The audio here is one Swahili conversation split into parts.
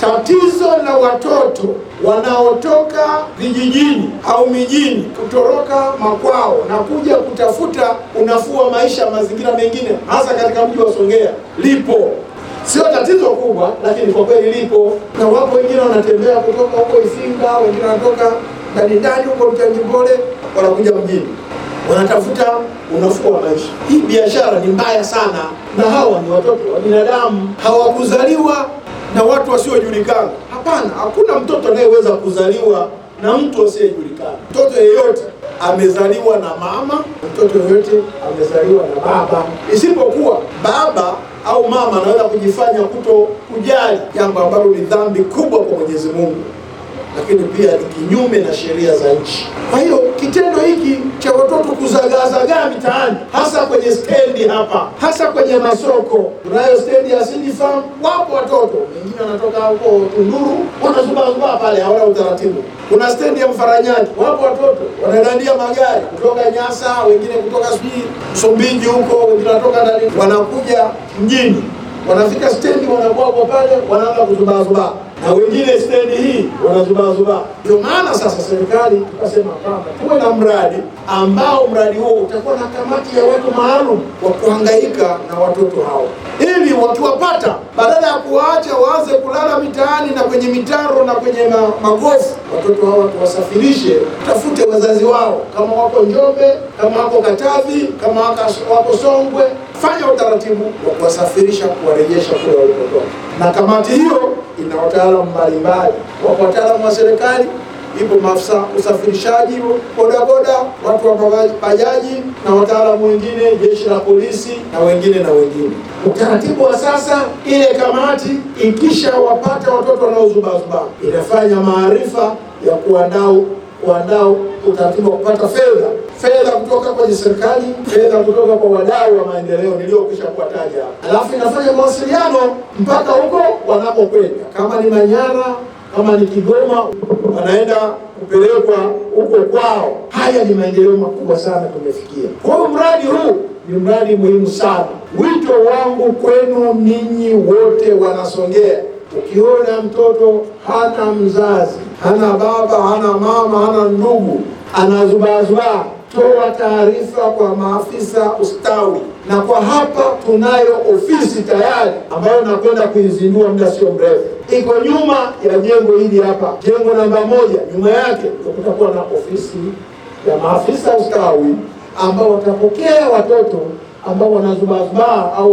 Tatizo la watoto wanaotoka vijijini au mijini kutoroka makwao na kuja kutafuta unafuu wa maisha mazingira mengine, hasa katika mji wa Songea lipo, sio tatizo kubwa, lakini kwa kweli lipo, na wapo wengine wanatembea kutoka huko Isinga, wengine wanatoka ndanindani huko Mtanjimbole, wanakuja mjini wanatafuta unafuu wa maisha. Hii biashara ni mbaya sana, na hawa ni watoto wa binadamu, hawakuzaliwa na watu wasiojulikana. Hapana, hakuna mtoto anayeweza kuzaliwa na mtu asiyejulikana. Mtoto yeyote amezaliwa na mama, mtoto yeyote amezaliwa na baba, isipokuwa baba au mama anaweza kujifanya kuto kujali, jambo ambalo ni dhambi kubwa kwa Mwenyezi Mungu, lakini pia ni kinyume na sheria za nchi. Kwa hiyo hiki cha watoto kuzagaazagaa mitaani, hasa kwenye stendi hapa, hasa kwenye masoko. unayo stendi ya Sindi Farm, wapo watoto wengine wanatoka huko Tunduru wanazubazubaa pale, hawana utaratibu. Kuna stendi ya Mfaranyani, wapo watoto wanadandia magari kutoka Nyasa, wengine kutoka sijui Msumbiji huko, wengine wanatoka ndani, wanakuja mjini, wanafika stendi, wanabwagwa pale, wanaanza kuzubaazubaa na wengine stendi hii wanazubaazubaa. Ndio maana sasa serikali tukasema kwamba tuwe na mradi ambao mradi huo utakuwa na kamati ya watu maalum wa kuhangaika na watoto hao, ili wakiwapata, badala ya kuwaacha waanze kulala mitaani na kwenye mitaro na kwenye magofu, watoto hao tuwasafirishe, tafute wazazi wao, kama wako Njombe, kama wako Katavi, kama wako Songwe fanya utaratibu wa kuwasafirisha kuwarejesha kule walipotoka. Na kamati hiyo ina wataalamu mbalimbali, wako wataalamu wa serikali, ipo maafisa usafirishaji, bodaboda, watu wa bajaji na wataalamu wengine, jeshi la polisi na wengine na wengine. Utaratibu wa sasa, ile kamati ikishawapata watoto wanaozubazuba, inafanya maarifa ya kuandaa wadau utaratibu wa kupata fedha, fedha kutoka kwenye serikali, fedha kutoka kwa wadau wa maendeleo niliokisha kuwataja, alafu inafanya mawasiliano mpaka huko wanapokwenda, kama ni Manyara, kama ni Kigoma, wanaenda kupelekwa huko kwao. Haya ni maendeleo makubwa sana tumefikia. Kwa hiyo mradi huu ni mradi muhimu sana. Wito wangu kwenu ninyi wote Wanasongea, ukiona mtoto hana mzazi hana baba, hana mama, hana ndugu, anazubaazubaa. Toa taarifa kwa maafisa ustawi, na kwa hapa tunayo ofisi tayari ambayo nakwenda kuizindua muda sio mrefu, iko nyuma ya jengo hili hapa, jengo namba moja. Nyuma yake kutakuwa na ofisi ya maafisa ustawi ambao watapokea watoto ambao wanazubaazubaa au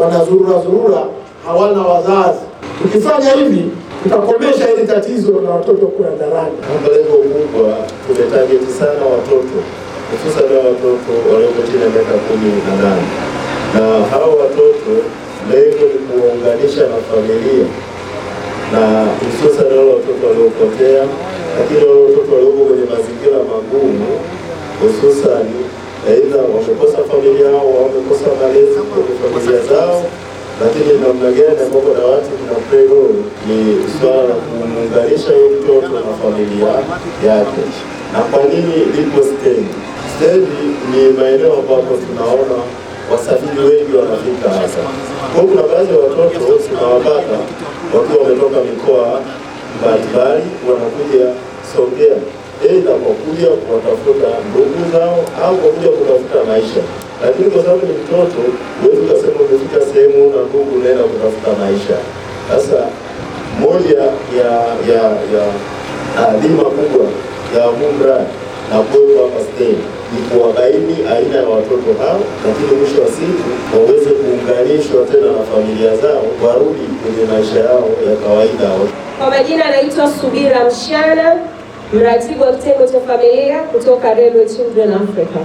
wanazurura zurura, hawana wazazi. Tukifanya hivi tukakomesha hili tatizo la watoto kuwa hadharani. Hapa lengo kubwa tumetajeti sana watoto, hususan watoto walioko chini ya miaka kumi na nane, na hawa watoto lengo ni kuwaunganisha na familia na hususan wale watoto waliopotea, lakini wale watoto walioko kwenye mazingira magumu, hususani aidha wamekosa familia yao, wamekosa malezi kwenye familia zao lakini namna gani ambapo dawati tuna play role ni swala la kumuunganisha huyo mtoto na familia yake. Na kwa nini lipo stendi? Stendi ni maeneo ambapo tunaona wasafiri wengi wanafika hasa kwa, kuna baadhi ya watoto tunawapata wakiwa wametoka mikoa mbalimbali wanakuja Songea, aidha kwa kuja kuwatafuta ndugu zao au kwa kuja kutafuta maisha lakini kwa sababu ni mtoto, huwezi ukasema umefika sehemu na Mungu unaenda kutafuta maisha. Sasa moja ya ya ya adhima ah, kubwa ya MUMRA na kuwepo hapa stendi ni kuwabaini aina ya watoto hao, lakini mwisho wa siku waweze kuunganishwa tena na familia zao, warudi kwenye maisha yao ya kawaida. Kwa majina anaitwa Subira Mshana mratibu wa kitengo cha familia kutoka Railway Children Africa.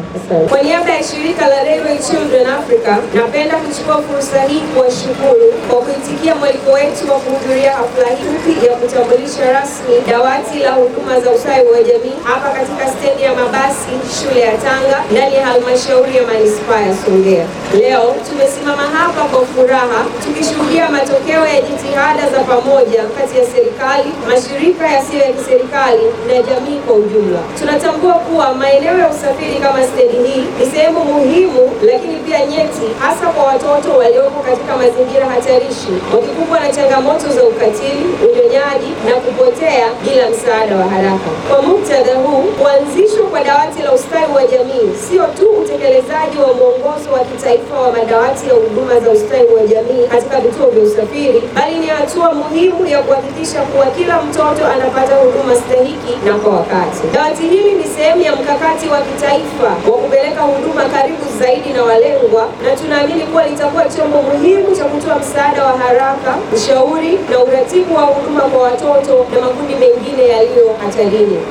Kwa niaba ya shirika la Railway Children Africa, napenda kuchukua fursa hii kuwashukuru kwa kuitikia mwaliko wetu wa kuhudhuria hafla hii ya kutambulisha rasmi dawati la huduma za ustawi wa jamii hapa katika stendi ya mabasi shule ya Tanga ndani ya halmashauri ya manispaa ya Songea. Leo tumesimama hapa kwa furaha tukishuhudia matokeo ya jitihada za pamoja kati ya serikali, mashirika yasiyo ya kiserikali ya jamii kwa ujumla. Tunatambua kuwa maeneo ya usafiri kama stendi hii ni sehemu muhimu, lakini pia nyeti, hasa kwa watoto walioko katika mazingira hatarishi, wakikumbwa na changamoto za ukatili unyonyaji na kupotea bila msaada wa haraka. Kwa muktadha huu, kuanzishwa kwa dawati la ustawi wa jamii sio tu utekelezaji wa mwongozo wa kitaifa wa madawati ya huduma za ustawi wa jamii katika vituo vya usafiri, bali ni hatua muhimu ya kuhakikisha kuwa kila mtoto anapata huduma stahiki na kwa wakati. Dawati hili ni sehemu ya mkakati wa kitaifa wa kupeleka huduma karibu zaidi na walengwa, na tunaamini kuwa litakuwa chombo muhimu cha kutoa msaada wa haraka, ushauri na uratibu wa huduma huduma kwa watoto na makundi mengine yaliyo hatarini.